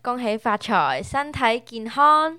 恭喜發財，身體健康。